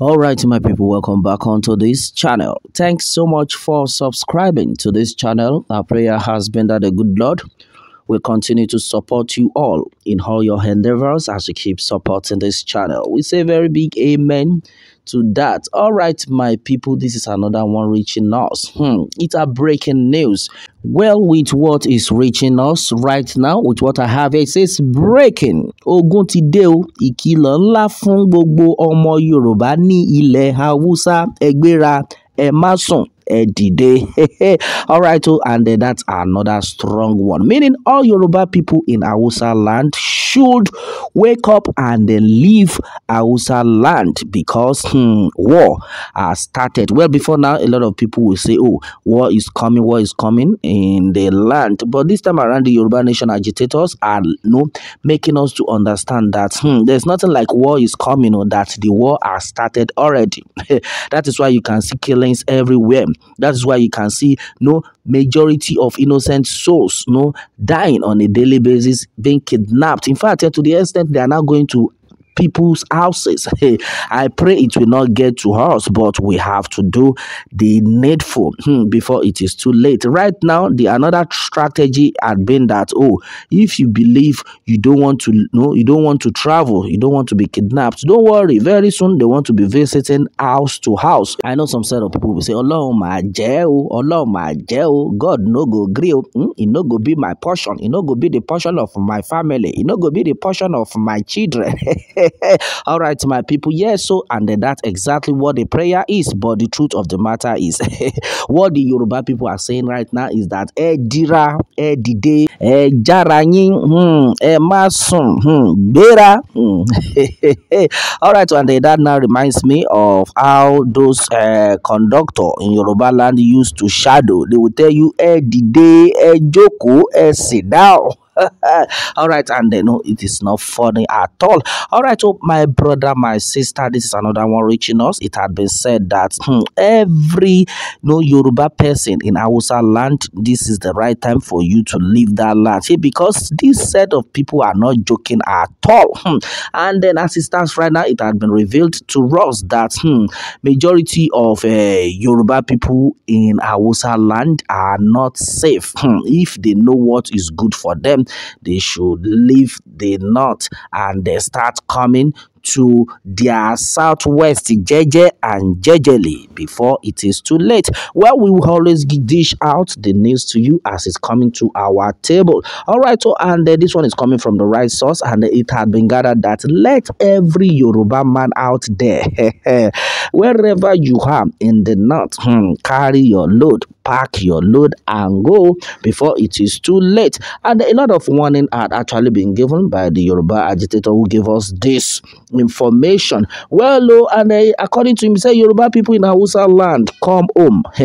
all right my people welcome back onto this channel thanks so much for subscribing to this channel our prayer has been that the good lord we continue to support you all in all your endeavors as you keep supporting this channel. We say very big amen to that. All right, my people, this is another one reaching us. Hmm, it's a breaking news. Well, with what is reaching us right now, with what I have, it says breaking. Ogun ti dé o, ìkìlọ̀ ọmọ Yorùbá ní ilẹ̀ Haúsá, ẹgbéra, ẹ Edide. all right, so, oh, and uh, that's another strong one, meaning all Yoruba people in Hausa land should wake up and then leave Hausa land because hmm, war has started. Well, before now, a lot of people will say, oh, war is coming, war is coming in the land. But this time around, the Yoruba nation agitators are you no know, making us to understand that hmm, there's nothing like war is coming or oh, that the war has started already. that is why you can see killings everywhere. That's why you can see no majority of innocent souls no dying on a daily basis, being kidnapped. In fact, to the extent they are now going to people's houses. Hey, I pray it will not get to us, but we have to do the needful hmm, before it is too late. Right now, the another strategy had been that oh, if you believe you don't want to no, you don't want to travel, you don't want to be kidnapped, don't worry. Very soon they want to be visiting house to house. I know some set of people will say, Oh my jail, o, my jail, God no go gree o, hmm? e no go be my portion, e no go be the portion of my family, e no go be the portion of my children. All right, my people. Yes, so and that's exactly what the prayer is. But the truth of the matter is, what the Yoruba people are saying right now is that ẹ dira, ẹ dìde, ẹ jára yín, hmm, ẹ má sùn, hmm, gbéra. Hmm. All right, and that now reminds me of how those uh, conductor in Yoruba land used to shadow. They will tell you ẹ dìde, ẹ jókòó, ẹ sit down. all right and they know it is not funny at all all right so my brother my sister this is another one reaching us it had been said that hmm, every you know yoruba person in Hausa land this is the right time for you to leave that land See, because this set of people are not joking at all hmm. and then as it stands right now it had been revealed to us that hmm, majority of uh, yoruba people in Hausa land are not safe hmm. if they know what is good for them they should leave the north and they start coming to their southwest Jeje and Jejeli before it is too late. Well, we will always dish out the news to you as it's coming to our table. All right, so and uh, this one is coming from the right source, and it had been gathered that let every Yoruba man out there, wherever you are in the north, hmm, carry your load pack your load and go before it is too late. And a lot of warning had actually been given by the Yoruba agitator who gave us this information. Well, oh, and uh, according to him, say Yoruba people in Hausa land, come home.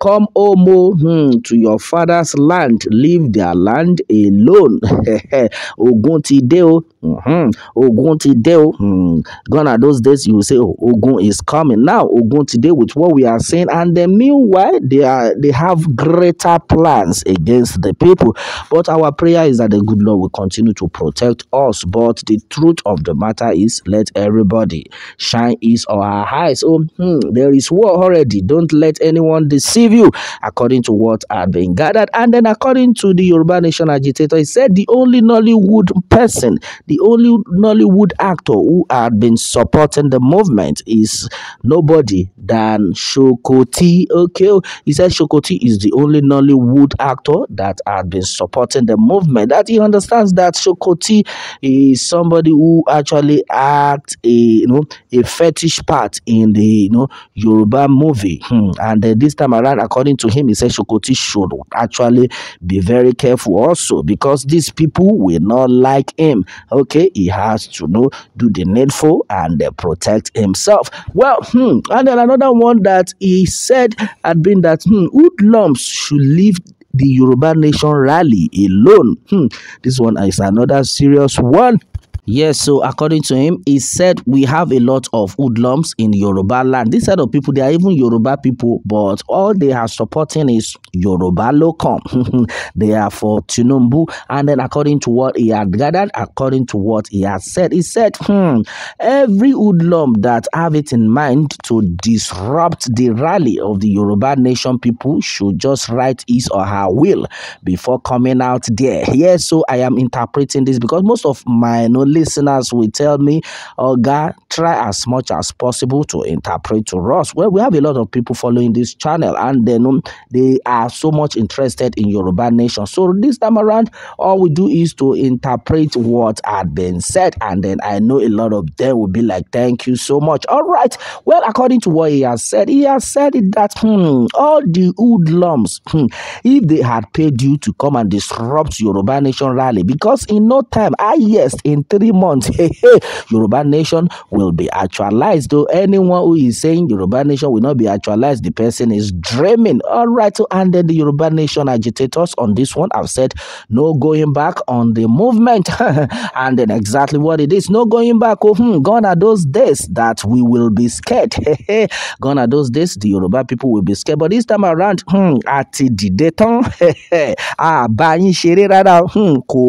come home oh, hmm, to your father's land. Leave their land alone. Ogun ti de o. Oh, hmm, ogun ti de oh, hmm. Gone are those days you will say, oh, Ogun is coming. Now, Ogun today with what we are saying. And then meanwhile, they are they have greater plans against the people. But our prayer is that the good Lord will continue to protect us. But the truth of the matter eyes, let everybody shine his or her eyes. Oh, hmm, there is war already. Don't let anyone deceive you, according to what had been gathered. And then, according to the Yoruba Nation agitator, he said the only Nollywood person, the only Nollywood actor who had been supporting the movement is nobody than Shokoti. Okay, oh, he said Shokoti is the only Nollywood actor that had been supporting the movement. That he understands that Shokoti is somebody who actually act a you know a fetish part in the you know Yoruba movie. Hmm. And uh, this time around, according to him, he said Shokoti should actually be very careful also because these people will not like him. Okay, he has to you know do the needful and uh, protect himself. Well, hmm. and then another one that he said had been that hmm, hoodlums should leave the Yoruba Nation rally alone. Hmm. This one is another serious one. Yes, so according to him, he said we have a lot of hoodlums in Yoruba land. These set of people, they are even Yoruba people, but all they are supporting is Yoruba locum. they are for Tinubu. And then according to what he had gathered, according to what he had said, he said, hmm, every hoodlum that have it in mind to disrupt the rally of the Yoruba nation people should just write his or her will before coming out there. Yes, so I am interpreting this because most of my knowledge listeners will tell me, oh God, try as much as possible to interpret to us. Well, we have a lot of people following this channel and then they are so much interested in Yoruba nation. So this time around, all we do is to interpret what had been said and then I know a lot of them will be like, thank you so much. All right. Well, according to what he has said, he has said that hmm, all the hoodlums, hmm, if they had paid you to come and disrupt Yoruba nation rally, because in no time, I ah, yes, in three three months, hey, hey, Yoruba nation will be actualized. To anyone who is saying Yoruba nation will not be actualized, the person is dreaming. All right, so and then the Yoruba nation agitators on this one have said no going back on the movement, and then exactly what it is, no going back. Oh, hmm, gone are those days that we will be scared. gone are those days the Yoruba people will be scared. But this time around, hmm, àti dìde tán, àbáyín ṣeré rárá, hmm, kò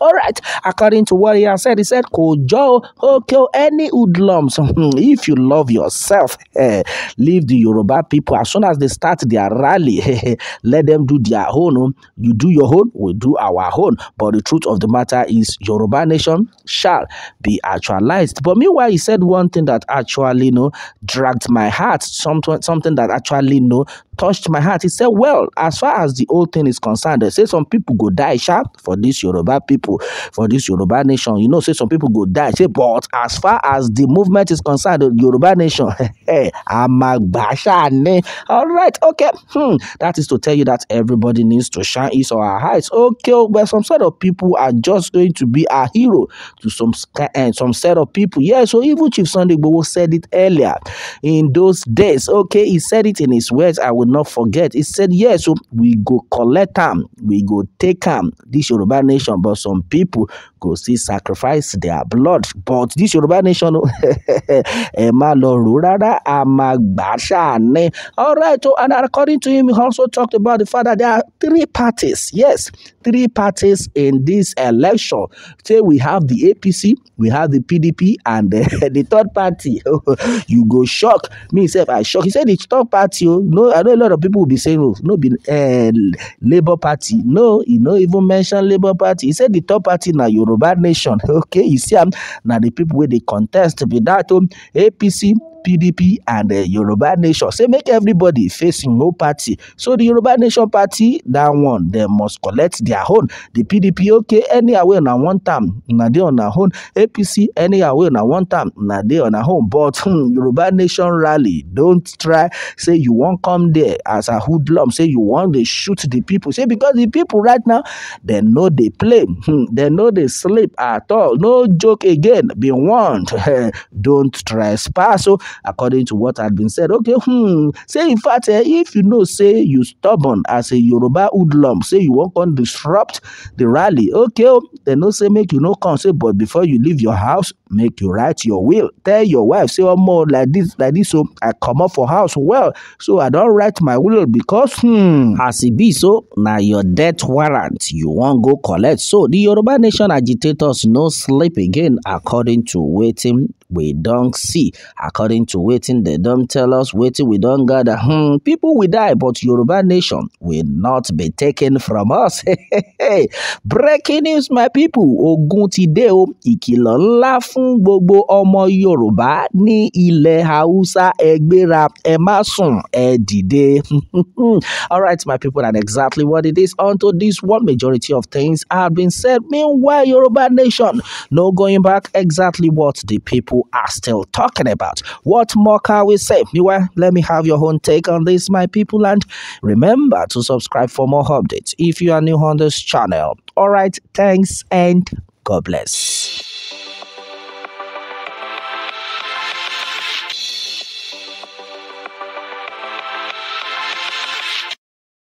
All right, according to what he has said, he said, Kojo, okay, any hoodlums, hmm, if you love yourself, eh, leave the Yoruba people. As soon as they start their rally, eh, let them do their own. Oh. You do your own, we do our own. But the truth of the matter is Yoruba nation shall be actualized. But meanwhile, he said one thing that actually, you know, dragged my heart, something, something that actually, you know, touched my heart. He said, well, as far as the old thing is concerned, they say some people go die sharp for this Yoruba people, for this Yoruba nation. You know, say some people go die. Say, but as far as the movement is concerned, the Yoruba nation, I'm eh, a all right, okay. Hmm. That is to tell you that everybody needs to shine his or her heights. Okay, oh, but some set of people are just going to be a hero to some and eh, eh, some set of people. Yeah, so even Chief Sunday Bowo said it earlier in those days. Okay, he said it in his words. I will not forget. He said, Yeah, so we go collect them, we go take them, this Yoruba nation, but some people go see sacrifice sacrifice their blood but this Yoruba nation ẹ má lọ all right oh, and according to him he also talked about the fact that there are three parties yes three parties in this election say we have the APC we have the PDP and the, the third party you go shock me sef I shock he said the third party o oh, no I know a lot of people will be saying oh no be uh, Labour Party no he no even mention Labour Party he said the third party na Yoruba nation okay, you see, am now the people where they contest be that um, APC, PDP and the Yoruba Nation. Say make everybody facing no party. So the Yoruba Nation party, that one, they must collect their own. The PDP, okay, any away na one time, na they on a own. APC, any away na one time, na they on a home. But hmm, Yoruba Nation rally, don't try, say you won't come there as a hoodlum, say you want to shoot the people. Say because the people right now, they know they play, hmm, they know they sleep at all. No joke again, be warned, don't trespass. So according to what had been said. Okay, hmm. Say, in fact, eh, if you know, say you stubborn as a Yoruba hoodlum, say you won't come disrupt the rally. Okay, they oh, no say make you no come. Say, but before you leave your house, make you write your will. Tell your wife, say, oh, more like this, like this. So oh, I come up for house well. So I don't write my will because, hmm, as it be so, now your death warrant you won't go collect. So the Yoruba Nation agitators no sleep again, according to waiting we don't see. According to waiting, they don't tell us, waiting, we don't gather. Hmm, people will die, but Yoruba nation will not be taken from us. Breaking news, my people. Ogun ti dé o, ìkìlọ̀ ńlá fún gbogbo ọmọ Yorùbá ní ilẹ̀ Haúsá ẹ Emasun ẹ dìde. All right, my people, and exactly what it is. Unto this one majority of things have been said. Meanwhile, Yoruba nation, no going back exactly what the people people are still talking about. What more can we say? Meanwhile, let me have your own take on this, my people, and remember to subscribe for more updates if you are new on this channel. All right, thanks and God bless.